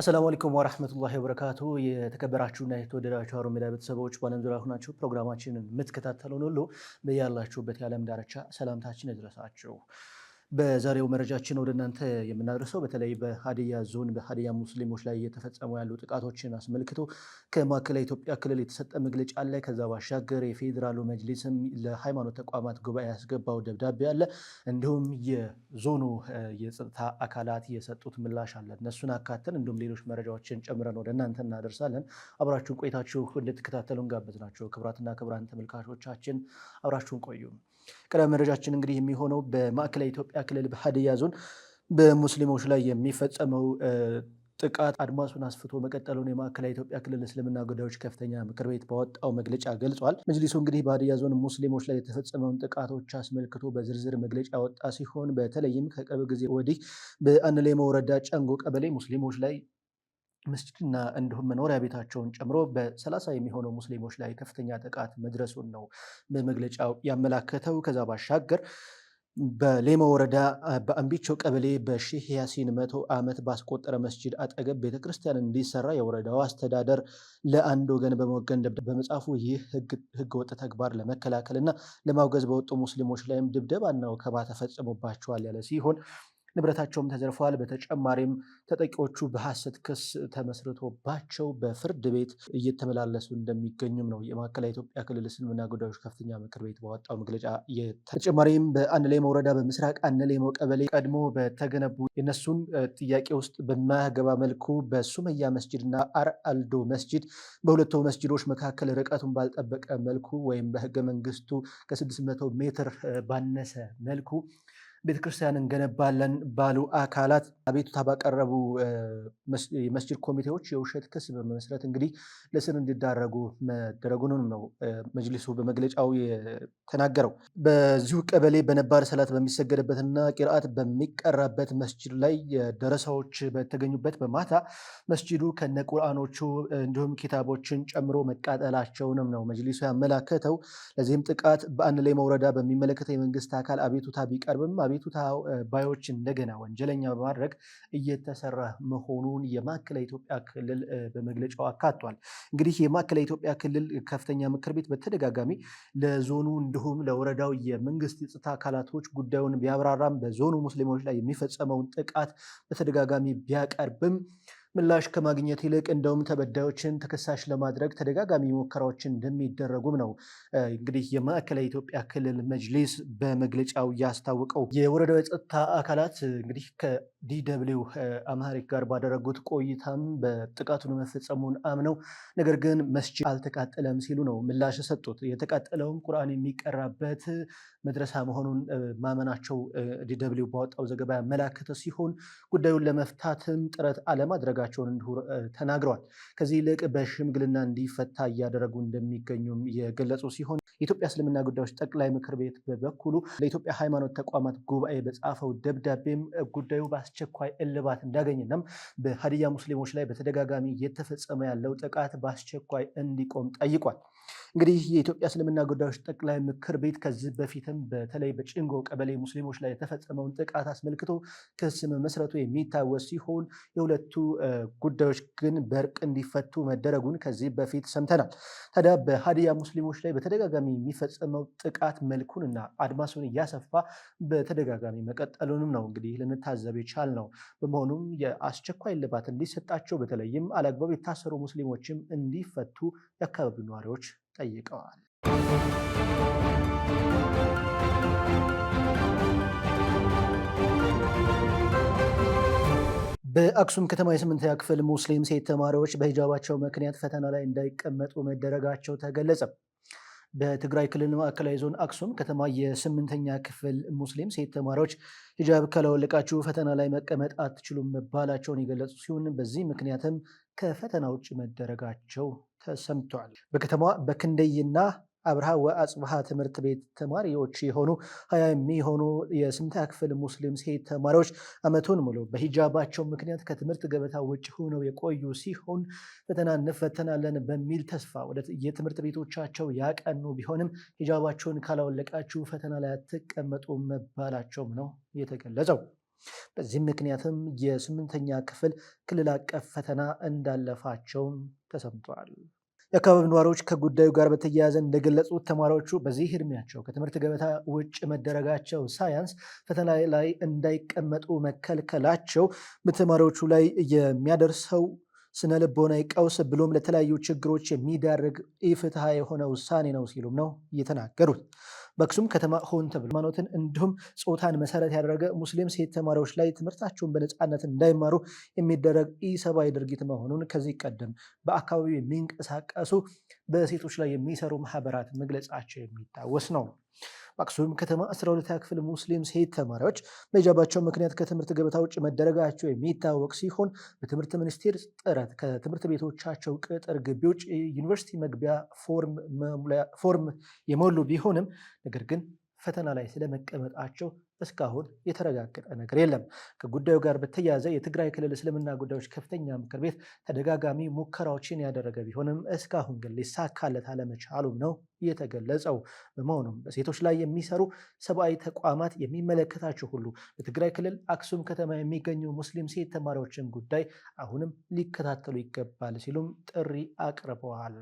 አሰላሙ አለይኩም ወራህመቱላሂ ወበረካቱ። የተከበራችሁና የተወደዳችሁ ሀሩን ሚዲያ ቤተሰቦች በዓለም ዙሪያ ሆናችሁ ፕሮግራማችንን የምትከታተሉን ሁሉ በያላችሁበት የዓለም ዳርቻ ሰላምታችን ይድረሳችሁ። በዛሬው መረጃችን ወደ እናንተ የምናደርሰው በተለይ በሀዲያ ዞን በሀዲያ ሙስሊሞች ላይ እየተፈጸሙ ያሉ ጥቃቶችን አስመልክቶ ከማዕከላዊ ኢትዮጵያ ክልል የተሰጠ መግለጫ አለ። ከዛ ባሻገር የፌዴራሉ መጅሊስም ለሃይማኖት ተቋማት ጉባኤ ያስገባው ደብዳቤ አለ። እንዲሁም የዞኑ የጸጥታ አካላት የሰጡት ምላሽ አለ። እነሱን አካተን እንዲሁም ሌሎች መረጃዎችን ጨምረን ወደ እናንተ እናደርሳለን። አብራችሁን ቆይታችሁ እንድትከታተሉ እንጋብዝ ናቸው። ክብራትና ክብራን ተመልካቾቻችን አብራችሁን ቆዩ። ቀዳሚ መረጃችን እንግዲህ የሚሆነው በማዕከላዊ ኢትዮጵያ ክልል በሀዲያ ዞን በሙስሊሞች ላይ የሚፈጸመው ጥቃት አድማሱን አስፍቶ መቀጠሉን የማዕከላዊ ኢትዮጵያ ክልል እስልምና ጉዳዮች ከፍተኛ ምክር ቤት ባወጣው መግለጫ ገልጿል። መጅሊሱ እንግዲህ በሀዲያ ዞን ሙስሊሞች ላይ የተፈጸመውን ጥቃቶች አስመልክቶ በዝርዝር መግለጫ ያወጣ ሲሆን በተለይም ከቅርብ ጊዜ ወዲህ በአንሌሞ ወረዳ ጨንጎ ቀበሌ ሙስሊሞች ላይ መስጅድና እንዲሁም መኖሪያ ቤታቸውን ጨምሮ በሰላሳ የሚሆኑ ሙስሊሞች ላይ ከፍተኛ ጥቃት መድረሱን ነው በመግለጫው ያመላከተው። ከዛ ባሻገር በሌማ ወረዳ በአምቢቸው ቀበሌ በሼህ ያሲን መቶ ዓመት ባስቆጠረ መስጅድ አጠገብ ቤተክርስቲያን እንዲሰራ የወረዳው አስተዳደር ለአንድ ወገን በመወገን ደብዳቤ በመጻፉ ይህ ህገወጥ ተግባር ለመከላከልና ለማውገዝ በወጡ ሙስሊሞች ላይም ድብደባና ወከባ ተፈጽሞባቸዋል ያለ ሲሆን ንብረታቸውም ተዘርፈዋል። በተጨማሪም ተጠቂዎቹ በሐሰት ክስ ተመስርቶባቸው በፍርድ ቤት እየተመላለሱ እንደሚገኙም ነው የማዕከላዊ ኢትዮጵያ ክልል እስልምና ጉዳዮች ከፍተኛ ምክር ቤት ባወጣው መግለጫ። ተጨማሪም በአንሌሞ ወረዳ በምስራቅ አንሌሞ ቀበሌ ቀድሞ በተገነቡ የነሱን ጥያቄ ውስጥ በማያገባ መልኩ በሱመያ መስጅድ እና አርአልዶ መስጅድ በሁለቱ መስጅዶች መካከል ርቀቱን ባልጠበቀ መልኩ ወይም በህገ መንግስቱ ከ600 ሜትር ባነሰ መልኩ ቤተክርስቲያን እንገነባለን ባሉ አካላት አቤቱታ ባቀረቡ የመስጅድ ኮሚቴዎች የውሸት ክስ በመመስረት እንግዲህ ለስር እንዲዳረጉ መደረጉንም ነው መጅሊሱ በመግለጫው የተናገረው። በዚሁ ቀበሌ በነባር ሰላት በሚሰገድበትና ቂርአት በሚቀራበት መስጅድ ላይ ደረሳዎች በተገኙበት በማታ መስጅዱ ከነ ቁርአኖቹ እንዲሁም ኪታቦችን ጨምሮ መቃጠላቸውንም ነው መጅሊሱ ያመላከተው። ለዚህም ጥቃት በአንድ ላይ መውረዳ በሚመለከተው የመንግስት አካል አቤቱታ ቢቀርብም አቤቱታ ባዮች እንደገና ወንጀለኛ በማድረግ እየተሰራ መሆኑን የማዕከላዊ ኢትዮጵያ ክልል በመግለጫው አካቷል። እንግዲህ የማዕከላዊ ኢትዮጵያ ክልል ከፍተኛ ምክር ቤት በተደጋጋሚ ለዞኑ እንዲሁም ለወረዳው የመንግስት የጸጥታ አካላቶች ጉዳዩን ቢያብራራም በዞኑ ሙስሊሞች ላይ የሚፈጸመውን ጥቃት በተደጋጋሚ ቢያቀርብም ምላሽ ከማግኘት ይልቅ እንደውም ተበዳዮችን ተከሳሽ ለማድረግ ተደጋጋሚ ሙከራዎች እንደሚደረጉም ነው እንግዲህ የማዕከላዊ ኢትዮጵያ ክልል መጅሊስ በመግለጫው ያስታወቀው። የወረዳው የጸጥታ አካላት እንግዲህ ከዲደብሊው አማሪክ ጋር ባደረጉት ቆይታም በጥቃቱን መፈጸሙን አምነው ነገር ግን መስጂድ አልተቃጠለም ሲሉ ነው ምላሽ የሰጡት። የተቃጠለውም ቁርአን የሚቀራበት መድረሳ መሆኑን ማመናቸው ዲደብሊው ባወጣው ዘገባ ያመላከተ ሲሆን ጉዳዩን ለመፍታትም ጥረት አለማድረግ ማድረጋቸውን እንዲሁ ተናግረዋል። ከዚህ ይልቅ በሽምግልና እንዲፈታ እያደረጉ እንደሚገኙም የገለጹ ሲሆን የኢትዮጵያ እስልምና ጉዳዮች ጠቅላይ ምክር ቤት በበኩሉ ለኢትዮጵያ ሃይማኖት ተቋማት ጉባኤ በጻፈው ደብዳቤም ጉዳዩ በአስቸኳይ እልባት እንዳገኝናም በሀዲያ ሙስሊሞች ላይ በተደጋጋሚ እየተፈጸመ ያለው ጥቃት በአስቸኳይ እንዲቆም ጠይቋል። እንግዲህ የኢትዮጵያ እስልምና ጉዳዮች ጠቅላይ ምክር ቤት ከዚህ በፊትም በተለይ በጭንጎ ቀበሌ ሙስሊሞች ላይ የተፈጸመውን ጥቃት አስመልክቶ ክስ መመስረቱ የሚታወስ ሲሆን የሁለቱ ጉዳዮች ግን በእርቅ እንዲፈቱ መደረጉን ከዚህ በፊት ሰምተናል። ታዲያ በሀዲያ ሙስሊሞች ላይ በተደጋጋሚ የሚፈጸመው ጥቃት መልኩን እና አድማሱን እያሰፋ በተደጋጋሚ መቀጠሉንም ነው እንግዲህ ልንታዘብ የቻል ነው። በመሆኑም የአስቸኳይ እልባት እንዲሰጣቸው በተለይም አላግባብ የታሰሩ ሙስሊሞችም እንዲፈቱ የአካባቢው ነዋሪዎች ጠይቀዋል። በአክሱም ከተማ የስምንተኛ ክፍል ሙስሊም ሴት ተማሪዎች በሂጃባቸው ምክንያት ፈተና ላይ እንዳይቀመጡ መደረጋቸው ተገለጸ። በትግራይ ክልል ማዕከላዊ ዞን አክሱም ከተማ የስምንተኛ ክፍል ሙስሊም ሴት ተማሪዎች ሂጃብ ካላወለቃችሁ ፈተና ላይ መቀመጥ አትችሉም መባላቸውን የገለጹ ሲሆን በዚህ ምክንያትም ከፈተና ውጭ መደረጋቸው ተሰምቷል። በከተማዋ በክንደይና አብርሃ ወአጽብሃ ትምህርት ቤት ተማሪዎች የሆኑ ሀያ የሚሆኑ የስምንተኛ ክፍል ሙስሊም ሴት ተማሪዎች ዓመቱን ሙሉ በሂጃባቸው ምክንያት ከትምህርት ገበታ ውጭ ሆነው የቆዩ ሲሆን ፈተና እንፈተናለን በሚል ተስፋ ወደ የትምህርት ቤቶቻቸው ያቀኑ ቢሆንም ሂጃባቸውን ካላወለቃችሁ ፈተና ላይ አትቀመጡ መባላቸውም ነው የተገለጸው። በዚህም ምክንያትም የስምንተኛ ክፍል ክልል አቀፍ ፈተና እንዳለፋቸውም ተሰምቷል። የአካባቢ ነዋሪዎች ከጉዳዩ ጋር በተያያዘ እንደገለጹት ተማሪዎቹ በዚህ እድሜያቸው ከትምህርት ገበታ ውጭ መደረጋቸው ሳያንስ ፈተና ላይ እንዳይቀመጡ መከልከላቸው በተማሪዎቹ ላይ የሚያደርሰው ስነ ልቦናዊ ቀውስ ብሎም ለተለያዩ ችግሮች የሚዳርግ ኢፍትሐ የሆነ ውሳኔ ነው ሲሉም ነው የተናገሩት። በአክሱም ከተማ ሆን ተብሎ ሃይማኖትን እንዲሁም ጾታን መሰረት ያደረገ ሙስሊም ሴት ተማሪዎች ላይ ትምህርታቸውን በነፃነት እንዳይማሩ የሚደረግ ኢሰብአዊ ድርጊት መሆኑን ከዚህ ቀደም በአካባቢው የሚንቀሳቀሱ በሴቶች ላይ የሚሰሩ ማህበራት መግለጻቸው የሚታወስ ነው። በአክሱም ከተማ 12 ክፍል ሙስሊም ሴት ተማሪዎች በሂጃባቸው ምክንያት ከትምህርት ገበታ ውጭ መደረጋቸው የሚታወቅ ሲሆን በትምህርት ሚኒስቴር ጥረት ከትምህርት ቤቶቻቸው ቅጥር ግቢ ውጭ ዩኒቨርሲቲ መግቢያ ፎርም የሞሉ ቢሆንም ነገር ግን ፈተና ላይ ስለመቀመጣቸው እስካሁን የተረጋገጠ ነገር የለም። ከጉዳዩ ጋር በተያያዘ የትግራይ ክልል እስልምና ጉዳዮች ከፍተኛ ምክር ቤት ተደጋጋሚ ሙከራዎችን ያደረገ ቢሆንም እስካሁን ግን ሊሳካለት አለመቻሉም ነው የተገለጸው። በመሆኑም በሴቶች ላይ የሚሰሩ ሰብአዊ ተቋማት የሚመለከታቸው ሁሉ በትግራይ ክልል አክሱም ከተማ የሚገኙ ሙስሊም ሴት ተማሪዎችን ጉዳይ አሁንም ሊከታተሉ ይገባል ሲሉም ጥሪ አቅርበዋል።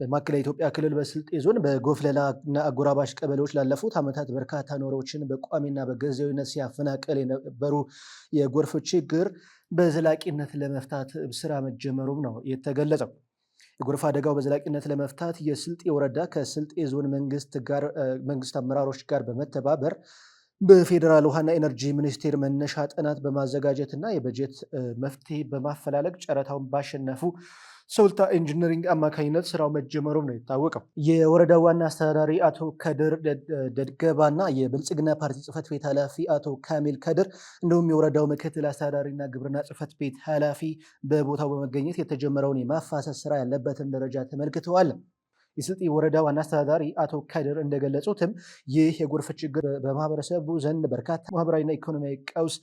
በማዕከላዊ ኢትዮጵያ ክልል በስልጤ ዞን በጎፍለላና አጎራባሽ ቀበሌዎች ላለፉት ዓመታት በርካታ ኖሮዎችን በቋሚና በጊዜያዊነት ሲያፈናቀል የነበሩ የጎርፍ ችግር በዘላቂነት ለመፍታት ስራ መጀመሩም ነው የተገለጸው። የጎርፍ አደጋው በዘላቂነት ለመፍታት የስልጤ ወረዳ ከስልጤ ዞን መንግስት አመራሮች ጋር በመተባበር በፌዴራል ውሃና ኤነርጂ ሚኒስቴር መነሻ ጥናት በማዘጋጀትና የበጀት መፍትሄ በማፈላለግ ጨረታውን ባሸነፉ ሶልታ ኢንጂነሪንግ አማካኝነት ስራው መጀመሩም ነው የታወቀው። የወረዳ ዋና አስተዳዳሪ አቶ ከድር ደድገባና የብልጽግና ፓርቲ ጽህፈት ቤት ኃላፊ አቶ ካሚል ከድር እንዲሁም የወረዳው ምክትል አስተዳዳሪና ግብርና ጽህፈት ቤት ኃላፊ በቦታው በመገኘት የተጀመረውን የማፋሰስ ስራ ያለበትን ደረጃ ተመልክተዋል። የስልጤ ወረዳ ዋና አስተዳዳሪ አቶ ካድር እንደገለጹትም ይህ የጎርፍ ችግር በማህበረሰቡ ዘንድ በርካታ ማህበራዊና ኢኮኖሚያዊ ቀውስ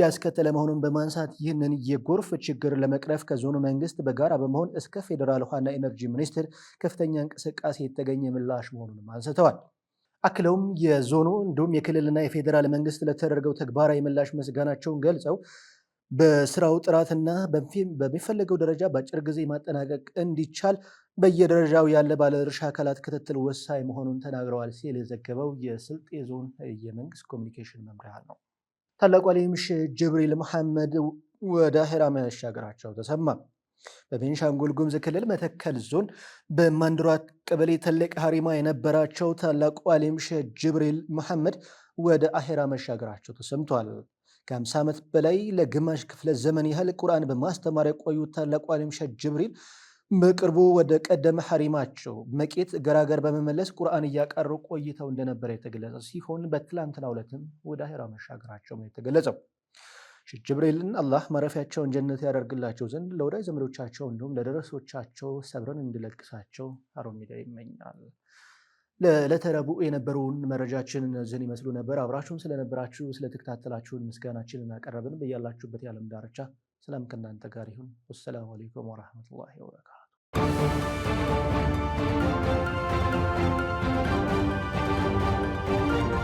ያስከተለ መሆኑን በማንሳት ይህንን የጎርፍ ችግር ለመቅረፍ ከዞኑ መንግስት በጋራ በመሆን እስከ ፌዴራል ውሃና ኤነርጂ ሚኒስቴር ከፍተኛ እንቅስቃሴ የተገኘ ምላሽ መሆኑንም አንስተዋል። አክለውም የዞኑ እንዲሁም የክልልና የፌዴራል መንግስት ለተደረገው ተግባራዊ ምላሽ ምስጋናቸውን ገልጸው በስራው ጥራትና በሚፈለገው ደረጃ በአጭር ጊዜ ማጠናቀቅ እንዲቻል በየደረጃው ያለ ባለድርሻ አካላት ክትትል ወሳኝ መሆኑን ተናግረዋል ሲል የዘገበው የስልጤ ዞን የመንግስት ኮሚኒኬሽን መምሪያ ነው። ታላቁ አሊም ሼህ ጅብሪል መሐመድ ወደ ሄራ መሻገራቸው ተሰማ። በቤንሻንጉል ጉምዝ ክልል መተከል ዞን በማንድሯ ቀበሌ ትልቅ ሀሪማ የነበራቸው ታላቁ አሊም ሼህ ጅብሪል መሐመድ ወደ አሄራ መሻገራቸው ተሰምቷል። ከ50 ዓመት በላይ ለግማሽ ክፍለ ዘመን ያህል ቁርአን በማስተማር የቆዩት ታላቁ አሊም ሼህ ጅብሪል በቅርቡ ወደ ቀደመ ሐሪማቸው መቄት ገራገር በመመለስ ቁርአን እያቀሩ ቆይተው እንደነበረ የተገለጸ ሲሆን በትላንትናው ዕለትም ወደ አሄራ መሻገራቸው ነው የተገለጸው። ሼህ ጅብሪልን አላህ ማረፊያቸውን ጀነት ያደርግላቸው ዘንድ ለወዳጅ ዘመዶቻቸው እንዲሁም ለደረሶቻቸው ሰብረን እንዲለግሳቸው ሀሩን ሚዲያ ይመኛል። ለዕለተ ረቡዕ መረጃችን እነዚህን ይመስሉ ነበር። አብራችሁን ስለነበራችሁ ስለተከታተላችሁን ምስጋናችን እናቀረብን። በያላችሁበት የዓለም ዳርቻ ሰላም ከእናንተ ጋር ይሁን። ወሰላሙ አሌይኩም ወረሕመቱላሂ ወበረካቱ። Thank you.